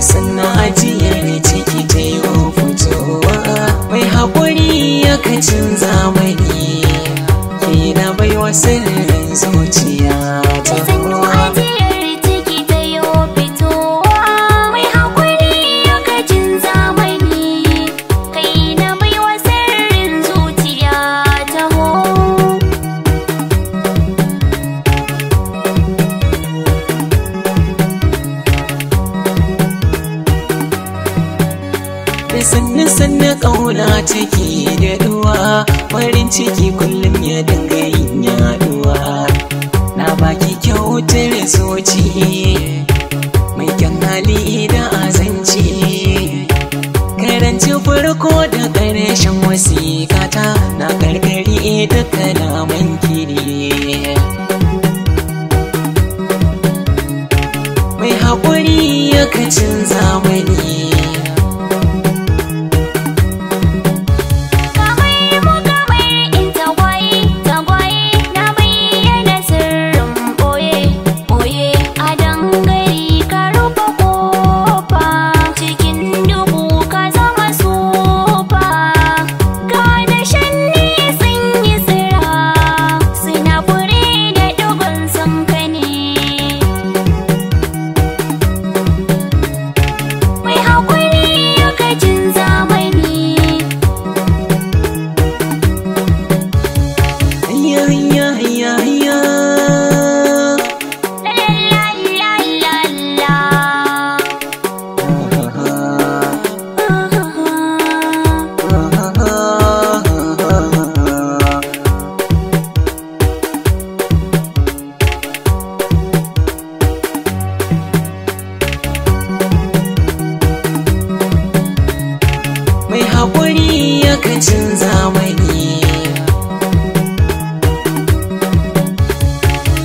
sannan ajiyar ciki ta yi fitowa mai haƙuri ya kacin zamani ke na baiwa sirri sanna sanna ƙauna ciki da duwa farin ciki kullum ya dinga yin yaduwa na baki kyautar zuci mai kyan hali da azanci karanci farko da ƙarshen wasikata na karkari da kalaman kiri mai haƙuri ya kacin hakuri ya kacin zamani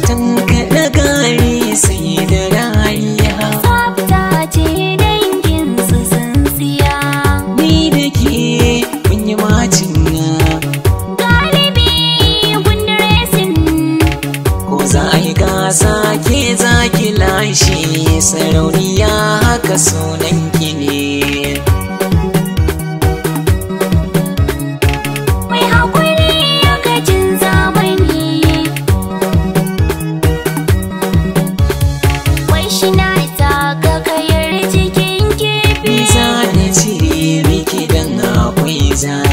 tankaɗa gari sai da rariya tsafta ce dangin su tsintsiya ni da ke mun yi macin galibi resin ko za a yi gasa ke za ki lashe sarauniya haka sunan ki ne design